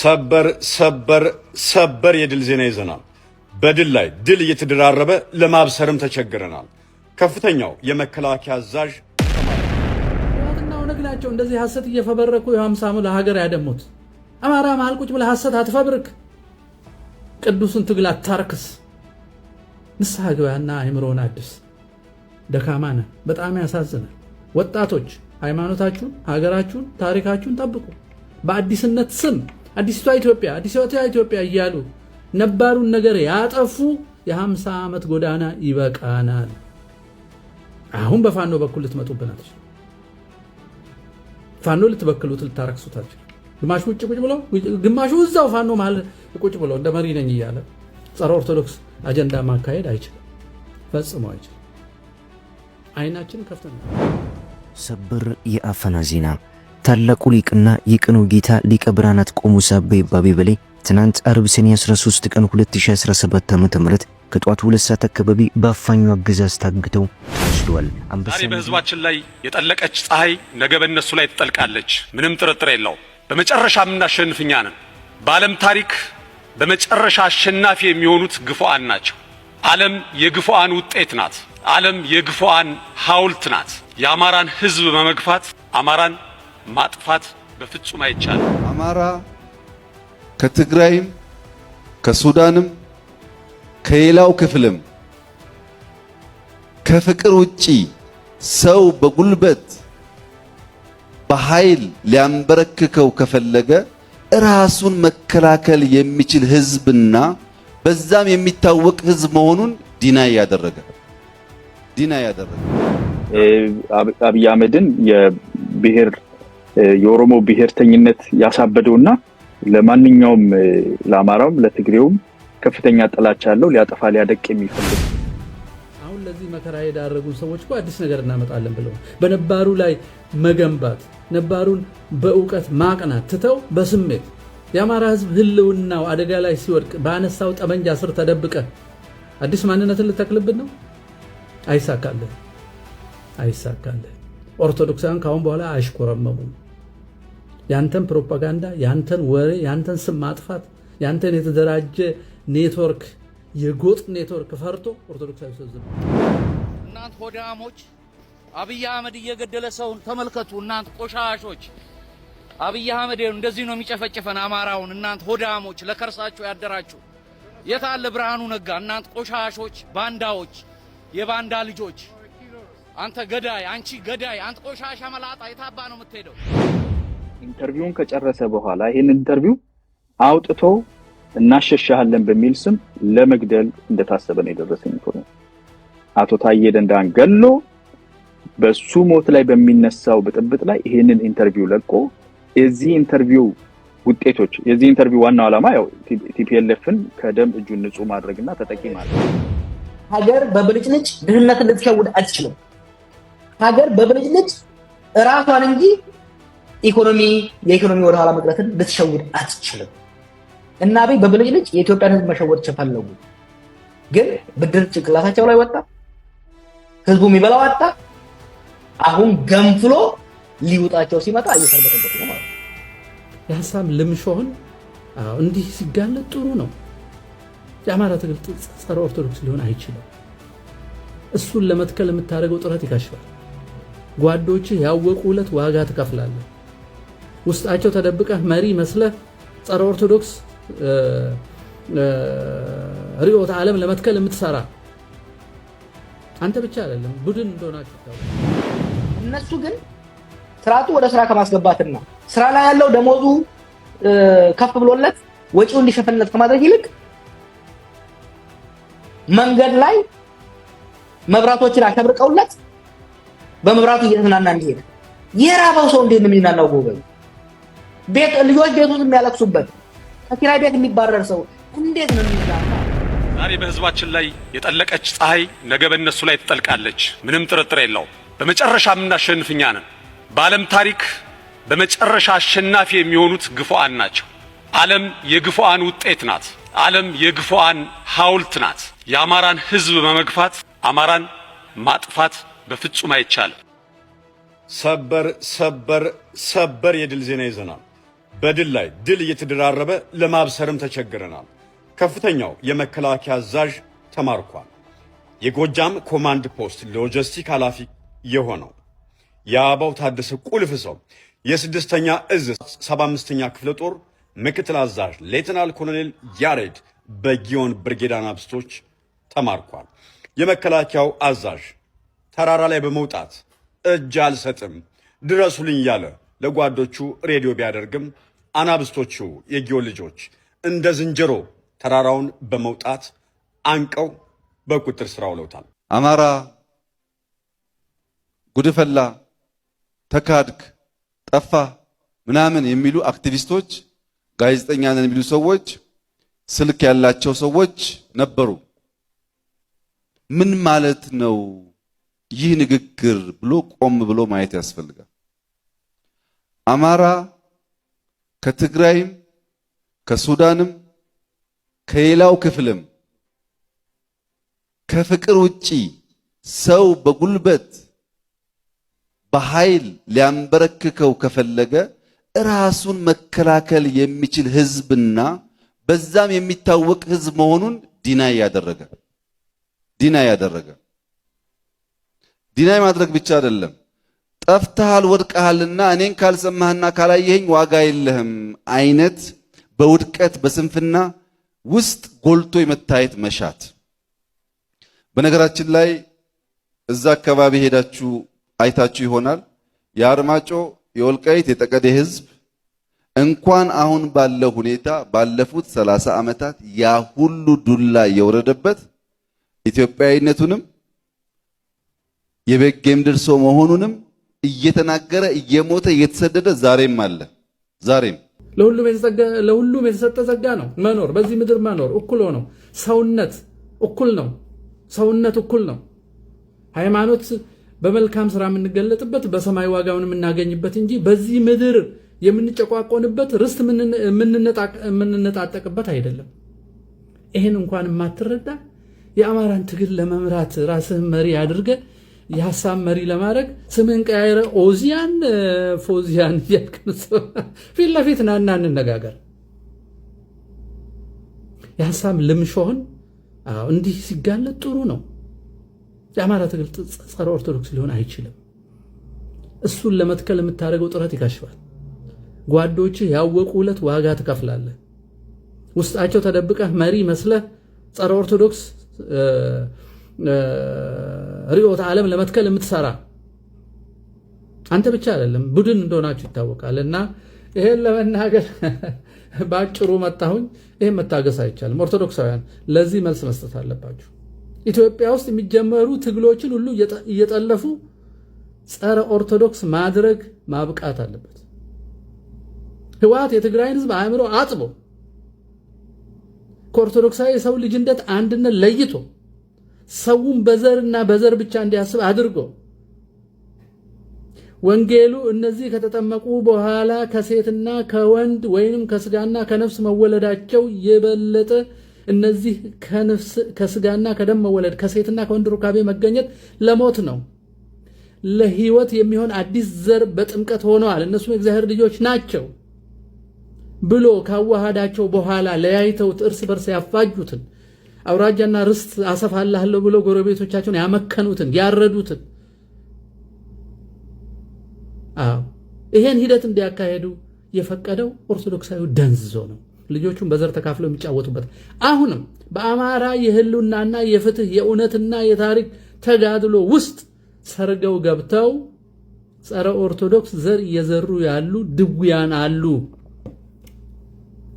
ሰበር ሰበር ሰበር የድል ዜና ይዘናል። በድል ላይ ድል እየተደራረበ ለማብሰርም ተቸግረናል። ከፍተኛው የመከላከያ አዛዥ ህወሓትና ኦነግ ናቸው እንደዚህ ሀሰት እየፈበረኩ የሀምሳሙ ለሀገር ያደሙት። አማራ መሃል ቁጭ ብለህ አትፈብርክ፣ ቅዱስን ትግል አታርክስ፣ ንስሐ ግባና አይምሮን አድስ። ደካማ በጣም ያሳዝናል። ወጣቶች ሃይማኖታችሁን፣ ሀገራችሁን፣ ታሪካችሁን ጠብቁ በአዲስነት ስም አዲስቷ ኢትዮጵያ አዲስቷ ኢትዮጵያ እያሉ ነባሩን ነገር ያጠፉ የ50 ዓመት ጎዳና ይበቃናል። አሁን በፋኖ በኩል ልትመጡብን ፋኖ ልትበክሉት ልታረክሱት ግማሹ ውጭ ቁጭ ብሎ ግማሹ እዛው ፋኖ መሀል ቁጭ ብሎ እንደ መሪ ነኝ እያለ ጸረ ኦርቶዶክስ አጀንዳ ማካሄድ አይችልም፣ ፈጽሞ አይችልም። አይናችን ከፍተናል። ሰበር የአፈና ዜና ታላቁ ሊቅና የቅኑ ጌታ ሊቀ ብርሃናት ቆሞስ አባ ይባቤ በላይ ትናንት አርብ ሰኔ 13 ቀን 2017 ዓ.ም ከጧቱ ሁለት ሰዓት አካባቢ በአፋኙ አገዛዝ ታግተው ተወስደዋል። ዛሬ በህዝባችን ላይ የጠለቀች ፀሐይ ነገ በእነሱ ላይ ትጠልቃለች። ምንም ጥርጥር የለው። በመጨረሻ የምናሸንፍ እኛ ነን። በዓለም ታሪክ በመጨረሻ አሸናፊ የሚሆኑት ግፉዓን ናቸው። ዓለም የግፉዓን ውጤት ናት። ዓለም የግፉዓን ሐውልት ናት። የአማራን ህዝብ በመግፋት አማራን ማጥፋት በፍጹም አይቻልም። አማራ ከትግራይም ከሱዳንም ከሌላው ክፍልም ከፍቅር ውጪ ሰው በጉልበት በኃይል ሊያንበረክከው ከፈለገ ራሱን መከላከል የሚችል ህዝብና በዛም የሚታወቅ ህዝብ መሆኑን ዲና ያደረገ ዲና ያደረገ አብይ አህመድን የብሔር የኦሮሞ ብሔርተኝነት ያሳበደው እና ለማንኛውም ለአማራውም ለትግሬውም ከፍተኛ ጥላቻ ያለው ሊያጠፋ ሊያደቅ የሚፈልግ አሁን ለዚህ መከራ የዳረጉን ሰዎች አዲስ ነገር እናመጣለን ብለው በነባሩ ላይ መገንባት ነባሩን በእውቀት ማቅናት ትተው በስሜት የአማራ ህዝብ ህልውናው አደጋ ላይ ሲወድቅ በአነሳው ጠመንጃ ስር ተደብቀ አዲስ ማንነትን ልተክልብን ነው። አይሳካልህ አይሳካልህ። ኦርቶዶክሳውያን ከአሁን በኋላ አይሽኮረመሙም። ያንተን ፕሮፓጋንዳ፣ ያንተን ወሬ፣ ያንተን ስም ማጥፋት፣ ያንተን የተደራጀ ኔትወርክ የጎጥ ኔትወርክ ፈርቶ ኦርቶዶክስ አይሰዝም። እናንት ሆዳሞች፣ አብይ አህመድ እየገደለ ሰውን ተመልከቱ። እናንት ቆሻሾች፣ አብይ አህመድ እንደዚህ ነው የሚጨፈጭፈን አማራውን። እናንት ሆዳሞች፣ ለከርሳችሁ ያደራችሁ የት አለ ብርሃኑ ነጋ? እናንት ቆሻሾች፣ ባንዳዎች፣ የባንዳ ልጆች፣ አንተ ገዳይ፣ አንቺ ገዳይ፣ አንተ ቆሻሻ መላጣ፣ የታባ ነው የምትሄደው? ኢንተርቪውን ከጨረሰ በኋላ ይህን ኢንተርቪው አውጥቶ እናሸሻሃለን በሚል ስም ለመግደል እንደታሰበ ነው የደረሰኝ ኢንፎርሜሽን። አቶ ታዬ ደንዳን ገሎ በሱ ሞት ላይ በሚነሳው ብጥብጥ ላይ ይህንን ኢንተርቪው ለቆ የዚህ ኢንተርቪው ውጤቶች የዚህ ኢንተርቪው ዋናው ዓላማ ያው ቲፒኤልኤፍን ከደም እጁን ንጹህ ማድረግና ተጠቂ ማለት ሀገር በብልጭልጭ ድህነትን ልትሸውድ አትችልም። ሀገር በብልጭልጭ እራሷን እንጂ ኢኮኖሚ የኢኮኖሚ ወደኋላ መቅረትን ልትሸውድ አትችልም። እና አቤ በብልጭ ልጭ የኢትዮጵያን ህዝብ መሸወድ ችፈለጉ። ግን ብድር ጭንቅላታቸው ላይ ወጣ፣ ህዝቡ የሚበላው አጣ። አሁን ገንፍሎ ሊውጣቸው ሲመጣ እየሰንበተበት ነው ማለት ነው። የሀሳብ ልምሾህን እንዲህ ሲጋለጥ ጥሩ ነው። የአማራ ትግል ጸረ ኦርቶዶክስ ሊሆን አይችልም። እሱን ለመትከል የምታደርገው ጥረት ይከሽፋል። ጓዶችህ ያወቁ ዕለት ዋጋ ትከፍላለህ። ውስጣቸው ተደብቀህ መሪ መስለህ ጸረ ኦርቶዶክስ ርዕዮተ ዓለም ለመትከል የምትሰራ አንተ ብቻ አይደለም፣ ቡድን እንደሆናችሁ እነሱ ግን ስርዓቱ ወደ ስራ ከማስገባትና ስራ ላይ ያለው ደሞዙ ከፍ ብሎለት ወጪው እንዲሸፍንለት ከማድረግ ይልቅ መንገድ ላይ መብራቶችን አሸብርቀውለት በመብራቱ እየተዝናና እንዲሄድ የራበው ሰው እንዴት ነው የሚናናው? ጎበዝ ቤት ልጆች ቤቱን የሚያለቅሱበት ከኪራይ ቤት የሚባረር ሰው እንዴት ነው የሚዛ? ዛሬ በህዝባችን ላይ የጠለቀች ፀሐይ ነገ በእነሱ ላይ ትጠልቃለች። ምንም ጥርጥር የለው። በመጨረሻ የምናሸንፍ እኛ ነን። በዓለም ታሪክ በመጨረሻ አሸናፊ የሚሆኑት ግፉዓን ናቸው። ዓለም የግፉዓን ውጤት ናት። ዓለም የግፉዓን ሐውልት ናት። የአማራን ህዝብ በመግፋት አማራን ማጥፋት በፍጹም አይቻልም። ሰበር ሰበር ሰበር የድል ዜና ይዘናል። በድል ላይ ድል እየተደራረበ ለማብሰርም ተቸግረናል። ከፍተኛው የመከላከያ አዛዥ ተማርኳል። የጎጃም ኮማንድ ፖስት ሎጂስቲክ ኃላፊ የሆነው የአበባው ታደሰ ቁልፍ ሰው የስድስተኛ እዝ ሰባ አምስተኛ ክፍለ ጦር ምክትል አዛዥ ሌትናል ኮሎኔል ያሬድ በጊዮን ብርጌድ አናብስቶች ተማርኳል። የመከላከያው አዛዥ ተራራ ላይ በመውጣት እጅ አልሰጥም ድረሱልኝ እያለ ለጓዶቹ ሬዲዮ ቢያደርግም አናብስቶቹ የጊዮን ልጆች እንደ ዝንጀሮ ተራራውን በመውጣት አንቀው በቁጥር ስራ ውለውታል። አማራ ጉድፈላ፣ ተካድክ፣ ጠፋ ምናምን የሚሉ አክቲቪስቶች፣ ጋዜጠኛ ነን የሚሉ ሰዎች፣ ስልክ ያላቸው ሰዎች ነበሩ። ምን ማለት ነው ይህ ንግግር ብሎ ቆም ብሎ ማየት ያስፈልጋል። አማራ ከትግራይም ከሱዳንም ከሌላው ክፍልም ከፍቅር ውጪ ሰው በጉልበት በኃይል ሊያንበረክከው ከፈለገ ራሱን መከላከል የሚችል ህዝብና በዛም የሚታወቅ ህዝብ መሆኑን ዲና ያደረገ ዲና ያደረገ ዲናይ ማድረግ ብቻ አይደለም ጠፍተሃል ወድቀሃልና እኔን ካልሰማህና ካላየኸኝ ዋጋ የለህም አይነት በውድቀት በስንፍና ውስጥ ጎልቶ የመታየት መሻት። በነገራችን ላይ እዛ አካባቢ ሄዳችሁ አይታችሁ ይሆናል። የአርማጮ የወልቃይት የጠቀዴ ህዝብ እንኳን አሁን ባለው ሁኔታ ባለፉት ሰላሳ ዓመታት ያ ሁሉ ዱላ የወረደበት ኢትዮጵያዊነቱንም የቤጌ ሰው መሆኑንም እየተናገረ እየሞተ እየተሰደደ ዛሬም አለ። ዛሬም ለሁሉም የተሰጠ ጸጋ ነው መኖር፣ በዚህ ምድር መኖር እኩል ሆኖ ሰውነት እኩል ነው። ሰውነት እኩል ነው። ሃይማኖት በመልካም ስራ የምንገለጥበት በሰማይ ዋጋውን የምናገኝበት እንጂ በዚህ ምድር የምንጨቋቆንበት ርስት የምንነጣጠቅበት አይደለም። ይህን እንኳን የማትረዳ የአማራን ትግል ለመምራት ራስህን መሪ አድርገህ የሀሳብ መሪ ለማድረግ ስምን ቀያይረ ኦዚያን ፎዚያን እያልክን ፊት ለፊት ናና እንነጋገር። የሀሳብ ልምሾህን እንዲህ ሲጋለጥ ጥሩ ነው። የአማራ ትግል ጸረ ኦርቶዶክስ ሊሆን አይችልም። እሱን ለመትከል የምታደርገው ጥረት ይከሽፋል። ጓዶችህ ያወቁ ዕለት ዋጋ ትከፍላለህ። ውስጣቸው ተደብቀህ መሪ መስለህ ጸረ ኦርቶዶክስ ርዕዮተ ዓለም ለመትከል የምትሰራ አንተ ብቻ አይደለም፣ ቡድን እንደሆናችሁ ይታወቃል። እና ይሄን ለመናገር በአጭሩ መጣሁኝ። ይሄን መታገስ አይቻልም። ኦርቶዶክሳውያን ለዚህ መልስ መስጠት አለባችሁ። ኢትዮጵያ ውስጥ የሚጀመሩ ትግሎችን ሁሉ እየጠለፉ ጸረ ኦርቶዶክስ ማድረግ ማብቃት አለበት። ህወሓት የትግራይን ህዝብ አእምሮ አጥቦ ከኦርቶዶክሳዊ የሰው ልጅነት አንድነት ለይቶ ሰውን በዘርና በዘር ብቻ እንዲያስብ አድርጎ ወንጌሉ እነዚህ ከተጠመቁ በኋላ ከሴትና ከወንድ ወይንም ከስጋና ከነፍስ መወለዳቸው የበለጠ እነዚህ ከነፍስ ከስጋና ከደም መወለድ ከሴትና ከወንድ ሩካቤ መገኘት ለሞት ነው፣ ለሕይወት የሚሆን አዲስ ዘር በጥምቀት ሆነዋል፣ እነሱም የእግዚአብሔር ልጆች ናቸው ብሎ ካዋሃዳቸው በኋላ ለያይተውት እርስ በርስ ያፋጁትን አውራጃና ርስት አሰፋላለሁ ብለው ጎረቤቶቻቸውን ያመከኑትን ያረዱትን አዎ ይሄን ሂደት እንዲያካሄዱ የፈቀደው ኦርቶዶክሳዊ ደንዝዞ ነው። ልጆቹን በዘር ተካፍለው የሚጫወቱበት አሁንም በአማራ የህልውናና የፍትህ የእውነትና የታሪክ ተጋድሎ ውስጥ ሰርገው ገብተው ጸረ ኦርቶዶክስ ዘር እየዘሩ ያሉ ድውያን አሉ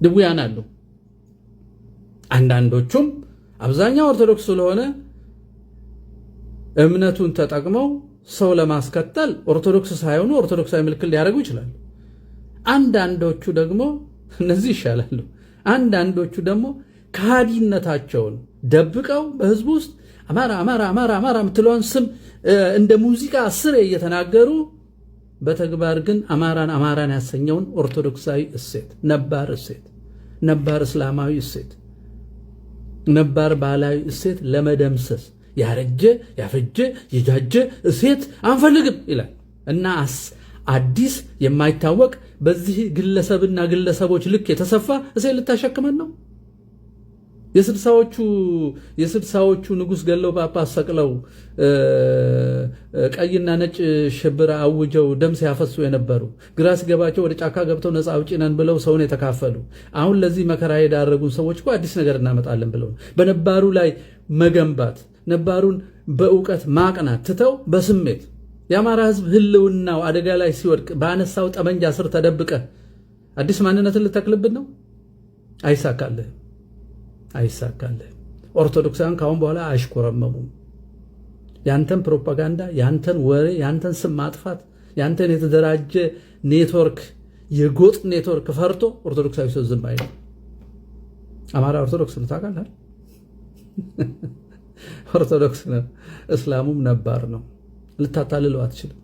ድውያን አሉ አንዳንዶቹም አብዛኛው ኦርቶዶክስ ስለሆነ እምነቱን ተጠቅመው ሰው ለማስከተል ኦርቶዶክስ ሳይሆኑ ኦርቶዶክሳዊ ምልክት ሊያደርጉ ይችላሉ። አንዳንዶቹ ደግሞ እነዚህ ይሻላሉ። አንዳንዶቹ ደግሞ ከሃዲነታቸውን ደብቀው በህዝቡ ውስጥ አማራ አማራ አማራ አማራ የምትለውን ስም እንደ ሙዚቃ ስር እየተናገሩ በተግባር ግን አማራን አማራን ያሰኘውን ኦርቶዶክሳዊ እሴት ነባር እሴት ነባር እስላማዊ እሴት ነባር ባህላዊ እሴት ለመደምሰስ ያረጀ ያፈጀ የጃጀ እሴት አንፈልግም ይላል እና አዲስ የማይታወቅ በዚህ ግለሰብና ግለሰቦች ልክ የተሰፋ እሴት ልታሸክመን ነው። የስድሳዎቹ የስድሳዎቹ ንጉሥ ገለው ጳጳስ ሰቅለው ቀይና ነጭ ሽብር አውጀው ደም ሲያፈሱ የነበሩ ግራ ሲገባቸው ወደ ጫካ ገብተው ነፃ አውጪ ነን ብለው ሰውን የተካፈሉ አሁን ለዚህ መከራ የዳረጉን ሰዎች እኮ አዲስ ነገር እናመጣለን ብለው በነባሩ ላይ መገንባት ነባሩን በእውቀት ማቅናት ትተው በስሜት የአማራ ሕዝብ ህልውናው አደጋ ላይ ሲወድቅ በአነሳው ጠመንጃ ስር ተደብቀ አዲስ ማንነትን ልተክልብን ነው? አይሳካልህም። አይሳካልህም። ኦርቶዶክሳውያን ካሁን በኋላ አይሽኮረመሙም። ያንተን ፕሮፓጋንዳ፣ ያንተን ወሬ፣ ያንተን ስም ማጥፋት፣ ያንተን የተደራጀ ኔትወርክ፣ የጎጥ ኔትወርክ ፈርቶ ኦርቶዶክሳዊ ሰው ዝም አይልም። አማራ ኦርቶዶክስ ነው ታውቃለህ። ኦርቶዶክስ ነው፣ እስላሙም ነባር ነው። ልታታልለው አትችልም።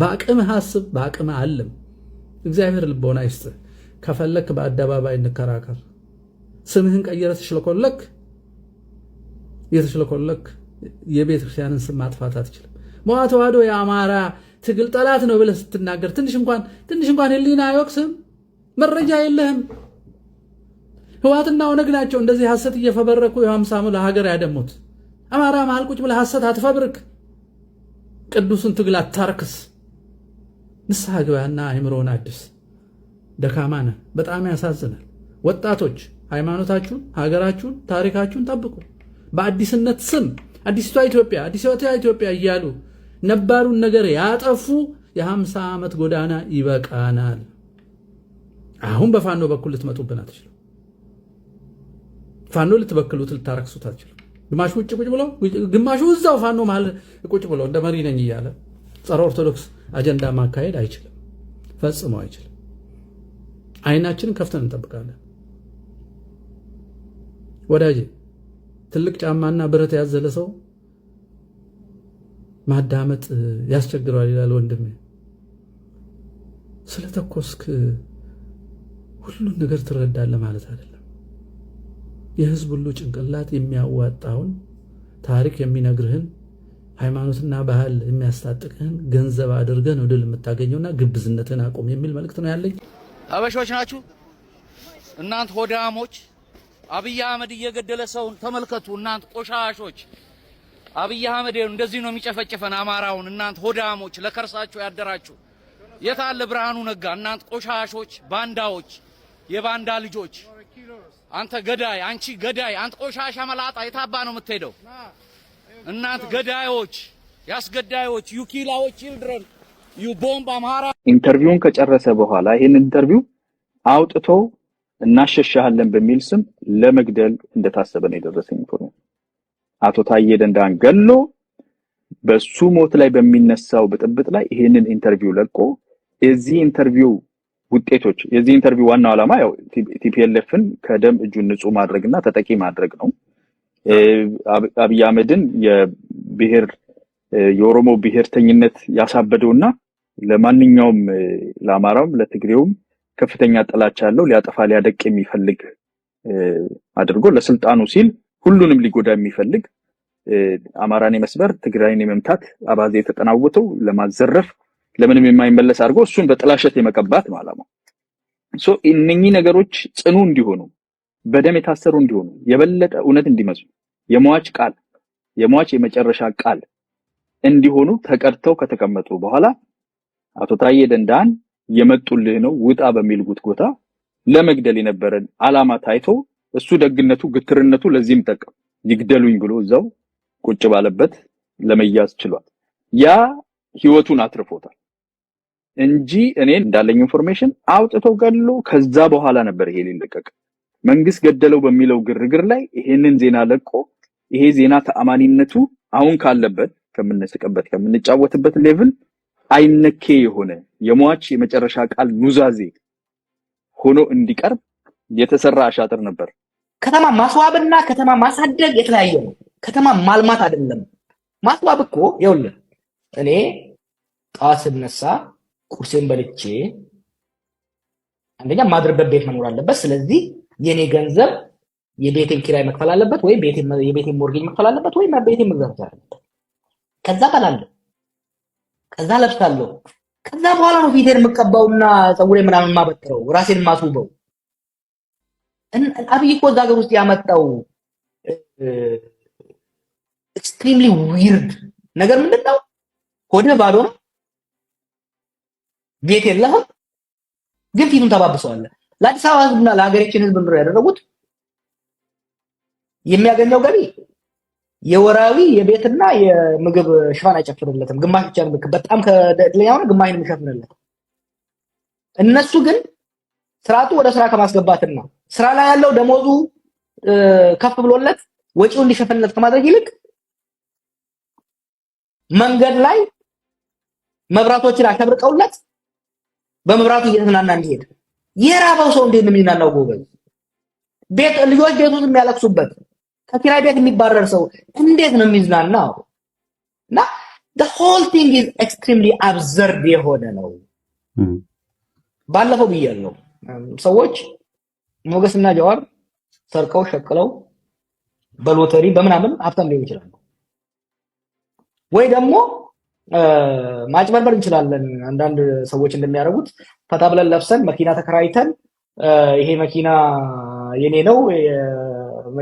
በአቅምህ አስብ፣ በአቅምህ አለም። እግዚአብሔር ልቦና ይስጥህ። ከፈለክ በአደባባይ እንከራከር። ስምህን ቀይረ ተሽለኮለክ የተሽለኮለክ የቤተ ክርስቲያንን ስም ማጥፋት አትችልም። መዋ ተዋህዶ የአማራ ትግል ጠላት ነው ብለህ ስትናገር ትንሽ እንኳን ትንሽ እንኳን ህሊና አይወቅስም። መረጃ የለህም። ህዋትና ኦነግ ናቸው እንደዚህ ሀሰት እየፈበረኩ የሀምሳ ለሀገር ያደሙት። አማራ መሃል ቁጭ ብለህ ሀሰት አትፈብርክ። ቅዱስን ትግል አታርክስ። ንስሐ ግባና አይምሮን አድስ። ደካማ ነህ። በጣም ያሳዝናል። ወጣቶች ሃይማኖታችሁን፣ ሀገራችሁን፣ ታሪካችሁን ጠብቁ። በአዲስነት ስም አዲስቷ ኢትዮጵያ አዲስቷ ኢትዮጵያ እያሉ ነባሩን ነገር ያጠፉ የሀምሳ ዓመት ጎዳና ይበቃናል። አሁን በፋኖ በኩል ልትመጡብን አትችሉ። ፋኖ ልትበክሉት ልታረክሱት አትችሉ። ግማሹ ውጭ ቁጭ ብሎ፣ ግማሹ እዛው ፋኖ መሀል ቁጭ ብሎ እንደ መሪ ነኝ እያለ ጸረ ኦርቶዶክስ አጀንዳ ማካሄድ አይችልም፣ ፈጽሞ አይችልም። አይናችንን ከፍተን እንጠብቃለን። ወዳጄ ትልቅ ጫማና ብረት ያዘለ ሰው ማዳመጥ ያስቸግረዋል ይላል ወንድሜ። ስለተኮስክ ሁሉን ነገር ትረዳለህ ማለት አይደለም። የህዝብ ሁሉ ጭንቅላት የሚያዋጣውን ታሪክ የሚነግርህን ሃይማኖትና ባህል የሚያስታጥቅህን ገንዘብ አድርገህ ነው ድል የምታገኘውና ግብዝነትን አቁም የሚል መልእክት ነው ያለኝ። አበሾች ናችሁ እናንተ ሆዳሞች። አብይ አህመድ እየገደለ ሰውን ተመልከቱ እናንት ቆሻሾች። አብይ አህመድ እንደዚህ ነው የሚጨፈጭፈን አማራውን። እናንት ሆዳሞች፣ ለከርሳችሁ ያደራችሁ። የት አለ ብርሃኑ ነጋ? እናንት ቆሻሾች፣ ባንዳዎች፣ የባንዳ ልጆች። አንተ ገዳይ፣ አንቺ ገዳይ፣ አንተ ቆሻሻ መላጣ፣ የታባ ነው የምትሄደው? እናንት ገዳዮች፣ ያስገዳዮች፣ ዩኪላዎች፣ ይልድረን ዩ ቦምብ አማራ። ኢንተርቪውን ከጨረሰ በኋላ ይህን ኢንተርቪው አውጥቶ እናሸሻሃለን በሚል ስም ለመግደል እንደታሰበ ነው የደረሰኝ ኢንፎርሜሽን። አቶ ታዬ ደንዳን ገሎ በሱ ሞት ላይ በሚነሳው ብጥብጥ ላይ ይሄንን ኢንተርቪው ለቆ የዚህ ኢንተርቪው ውጤቶች የዚህ ኢንተርቪው ዋናው ዓላማ ያው ቲፒኤልኤፍን ከደም እጁን ንጹህ ማድረግና ተጠቂ ማድረግ ነው። አብይ አህመድን የብሔር የኦሮሞ ብሔርተኝነት ያሳበደውና ለማንኛውም ለአማራውም ለትግሬውም ከፍተኛ ጥላቻ ያለው ሊያጠፋ ሊያደቅ የሚፈልግ አድርጎ ለስልጣኑ ሲል ሁሉንም ሊጎዳ የሚፈልግ አማራን የመስበር ትግራይን የመምታት አባዜ የተጠናወተው ለማዘረፍ ለምንም የማይመለስ አድርጎ እሱን በጥላሸት የመቀባት ነው እነኚህ ነገሮች ጽኑ እንዲሆኑ በደም የታሰሩ እንዲሆኑ የበለጠ እውነት እንዲመስሉ የሟች ቃል የሟች የመጨረሻ ቃል እንዲሆኑ ተቀድተው ከተቀመጡ በኋላ አቶ ታዬ ደንዳን የመጡልህ ነው ውጣ በሚል ጉትጎታ ለመግደል የነበረን አላማ ታይቶ እሱ ደግነቱ ግትርነቱ ለዚህም ጠቀም ይግደሉኝ ብሎ እዛው ቁጭ ባለበት ለመያዝ ችሏል። ያ ህይወቱን አትርፎታል እንጂ እኔ እንዳለኝ ኢንፎርሜሽን አውጥቶ ገድሎ ከዛ በኋላ ነበር ይሄ ሊለቀቅ። መንግስት ገደለው በሚለው ግርግር ላይ ይሄንን ዜና ለቆ ይሄ ዜና ተአማኒነቱ አሁን ካለበት ከምንስቅበት ከምንጫወትበት ሌቭል አይነኬ የሆነ የሟች የመጨረሻ ቃል ኑዛዜ ሆኖ እንዲቀርብ የተሰራ አሻጥር ነበር። ከተማ ማስዋብና ከተማ ማሳደግ የተለያየ ነው። ከተማ ማልማት አይደለም። ማስዋብ እኮ ይኸውልህ፣ እኔ ጠዋት ስነሳ ቁርሴን በልቼ አንደኛ ማድርበት ቤት መኖር አለበት። ስለዚህ የኔ ገንዘብ የቤቴን ኪራይ መክፈል አለበት፣ ወይም የቤቴን ሞርጌጅ መክፈል አለበት፣ ወይም ቤቴን መግዛት አለበት። ከዛ በላለ ከዛ ለብሳለሁ። ከዛ በኋላ ነው ፊቴን የምቀባውና ፀጉሬ ምናምን የማበጥረው ራሴን የማስውበው። አብይ እኮ እዛ ሀገር ውስጥ ያመጣው ኤክስትሪምሊ ዊርድ ነገር ምንድን ነው? ባዶ ነው፣ ቤት የለህም፣ ግን ፊቱን ተባብሰዋለህ። ለአዲስ አበባ ህዝብና ለሀገሬችን ህዝብ ምንድን ያደረጉት? የሚያገኘው ገቢ የወራዊ የቤትና የምግብ ሽፋን አይጨፍንለትም። ግማሽ ብቻ ነው። በጣም ከእድለኛ ሆነ ግማሽ ነው የሚሸፍንለት። እነሱ ግን ስርዓቱ ወደ ስራ ከማስገባትና ስራ ላይ ያለው ደሞዙ ከፍ ብሎለት ወጪው እንዲሸፍንለት ከማድረግ ይልቅ መንገድ ላይ መብራቶችን አሸብርቀውለት በመብራቱ እየተዝናና እንዲሄድ የራበው ሰው እንዴት ነው የሚዝናናው? ጎበዝ ቤት ልጆች ቤቱን ውስጥ የሚያለቅሱበት ከኪራይ ቤት የሚባረር ሰው እንዴት ነው የሚዝናናው? እና the whole thing is extremely absurd የሆነ ነው። ባለፈው ብያለሁ፣ ሰዎች ሞገስና ጀዋር ሰርቀው ሸቅለው በሎተሪ በምናምን ሀብታም ሊሆን ይችላሉ፣ ወይ ደግሞ ማጭበርበር እንችላለን። አንዳንድ ሰዎች እንደሚያደርጉት ፈታ ብለን ለብሰን መኪና ተከራይተን ይሄ መኪና የኔ ነው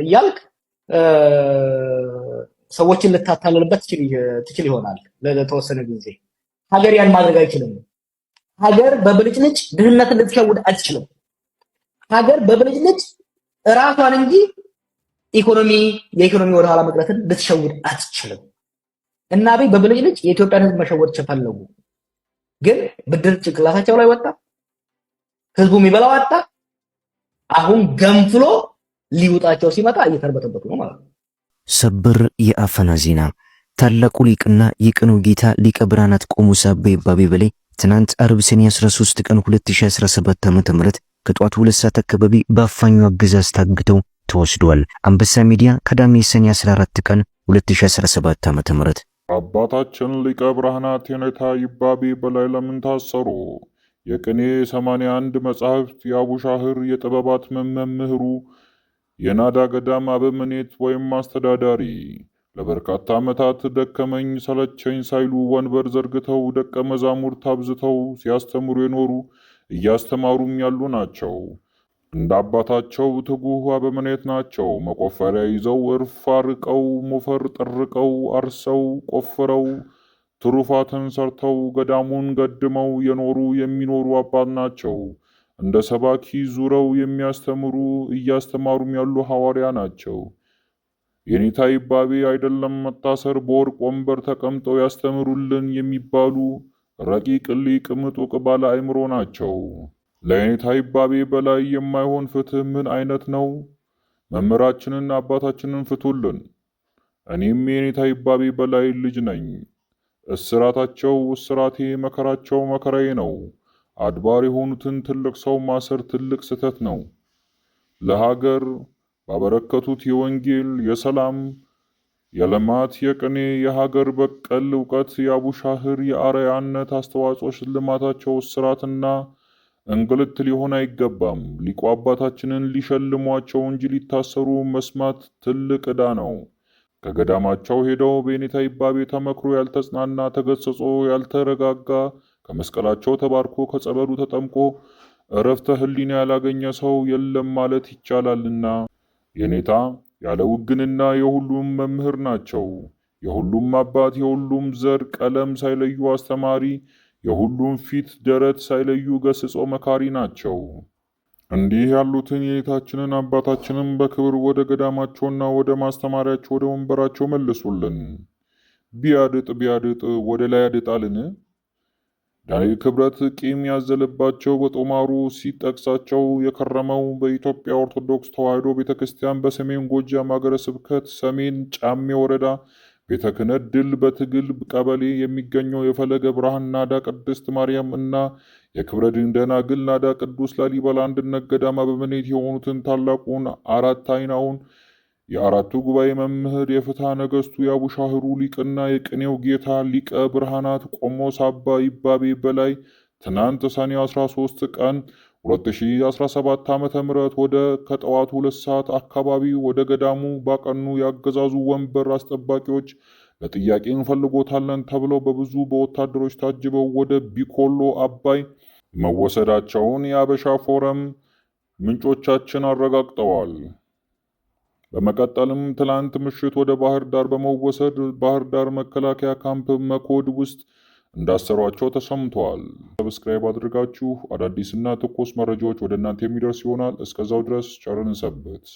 እያልክ ሰዎችን ልታታልልበት ትችል ይሆናል ለተወሰነ ጊዜ። ሀገር ያን ማድረግ አይችልም። ሀገር በብልጭልጭ ድህነትን ልትሸውድ አትችልም። ሀገር በብልጭልጭ እራሷን እንጂ ኢኮኖሚ የኢኮኖሚ ወደኋላ መቅረትን ልትሸውድ አትችልም። እና አብይ በብልጭልጭ የኢትዮጵያን ህዝብ መሸወድ ፈለጉ። ግን ብድር ጭንቅላታቸው ላይ ወጣ፣ ህዝቡ የሚበላው አጣ። አሁን ገንፍሎ ሊውጣቸው ሲመጣ እየተርበተበቱ ነው ማለት ነው። ሰበር የአፈና ዜና ታላቁ ሊቅና የቅኑ ጌታ ሊቀ ብርሃናት ቆሞስ አባ ይባቤ በላይ ትናንት አርብ ሰኔ 13 ቀን 2017 ዓ.ም ከጧቱ ሁለት ሰዓት አካባቢ በአፋኙ አገዛዝ ታግተው ተወስዷል። አንበሳ ሚዲያ ቅዳሜ ሰኔ 14 ቀን 2017 ዓ.ም አባታችን ሊቀ ብርሃናት የኔታ ይባቤ በላይ ለምን ታሰሩ? የቅኔ 81 መጽሐፍት የአቡሻህር የጥበባት መመምህሩ የናዳ ገዳም አበምኔት ወይም አስተዳዳሪ ለበርካታ ዓመታት ደከመኝ ሰለቸኝ ሳይሉ ወንበር ዘርግተው ደቀ መዛሙርት አብዝተው ሲያስተምሩ የኖሩ እያስተማሩም ያሉ ናቸው። እንደ አባታቸው ትጉህ አበምኔት ናቸው። መቆፈሪያ ይዘው እርፍ አርቀው ሞፈር ጠርቀው አርሰው ቆፍረው ትሩፋትን ሰርተው ገዳሙን ገድመው የኖሩ የሚኖሩ አባት ናቸው። እንደ ሰባኪ ዙረው የሚያስተምሩ እያስተማሩም ያሉ ሐዋርያ ናቸው። የኔታ ይባቤ አይደለም መታሰር በወርቅ ወንበር ተቀምጠው ያስተምሩልን የሚባሉ ረቂቅ ሊቅ ምጡቅ ባለ አእምሮ ናቸው። ለኔታ ይባቤ በላይ የማይሆን ፍትህ ምን አይነት ነው? መምህራችንን አባታችንን ፍቱልን። እኔም የኔታ ይባቤ በላይ ልጅ ነኝ። እስራታቸው እስራቴ፣ መከራቸው መከራዬ ነው። አድባር የሆኑትን ትልቅ ሰው ማሰር ትልቅ ስህተት ነው። ለሀገር ባበረከቱት የወንጌል፣ የሰላም፣ የልማት፣ የቅኔ፣ የሀገር በቀል እውቀት የአቡሻህር የአርአያነት አስተዋጽኦ ሽልማታቸው እስራትና እንግልት ሊሆን አይገባም። ሊቁ አባታችንን ሊሸልሟቸው እንጂ ሊታሰሩ መስማት ትልቅ ዕዳ ነው። ከገዳማቸው ሄደው በኔታ ይባቤ ተመክሮ ያልተጽናና ተገሰጾ ያልተረጋጋ ከመስቀላቸው ተባርኮ ከጸበሉ ተጠምቆ እረፍተ ሕሊና ያላገኘ ሰው የለም ማለት ይቻላልና የኔታ ያለ ውግንና የሁሉም መምህር ናቸው። የሁሉም አባት፣ የሁሉም ዘር ቀለም ሳይለዩ አስተማሪ፣ የሁሉም ፊት ደረት ሳይለዩ ገስጾ መካሪ ናቸው። እንዲህ ያሉትን የኔታችንን አባታችንን በክብር ወደ ገዳማቸውና ወደ ማስተማሪያቸው ወደ ወንበራቸው መልሱልን። ቢያድጥ ቢያድጥ ወደ ላይ ያድጣልን? ዳይ ክብረት ቂም ያዘለባቸው በጦማሩ ሲጠቅሳቸው የከረመው በኢትዮጵያ ኦርቶዶክስ ተዋሕዶ ቤተ ክርስቲያን በሰሜን ጎጃም ሀገረ ስብከት ሰሜን ጫሜ ወረዳ ቤተ ክህነት ድል በትግል ቀበሌ የሚገኘው የፈለገ ብርሃን ናዳ ቅድስት ማርያም እና የክብረ ደናግል ናዳ ቅዱስ ላሊበላ አንድነት ገዳማ በመኔት የሆኑትን ታላቁን አራት አይናውን የአራቱ ጉባኤ መምህር የፍትሐ ነገሥቱ የአቡሻህሩ ሊቅና የቅኔው ጌታ ሊቀ ብርሃናት ቆሞስ አባ ይባቤ በላይ ትናንት ሰኔ 13 ቀን 2017 ዓ ም ወደ ከጠዋቱ ሁለት ሰዓት አካባቢ ወደ ገዳሙ ባቀኑ ያገዛዙ ወንበር አስጠባቂዎች ለጥያቄ እንፈልጎታለን ተብለው በብዙ በወታደሮች ታጅበው ወደ ቢኮሎ አባይ መወሰዳቸውን የአበሻ ፎረም ምንጮቻችን አረጋግጠዋል። በመቀጠልም ትላንት ምሽት ወደ ባህር ዳር በመወሰድ ባህር ዳር መከላከያ ካምፕ መኮድ ውስጥ እንዳሰሯቸው ተሰምተዋል። ሰብስክራይብ አድርጋችሁ አዳዲስና ትኩስ መረጃዎች ወደ እናንተ የሚደርስ ይሆናል። እስከዛው ድረስ ጨርን ሰበት።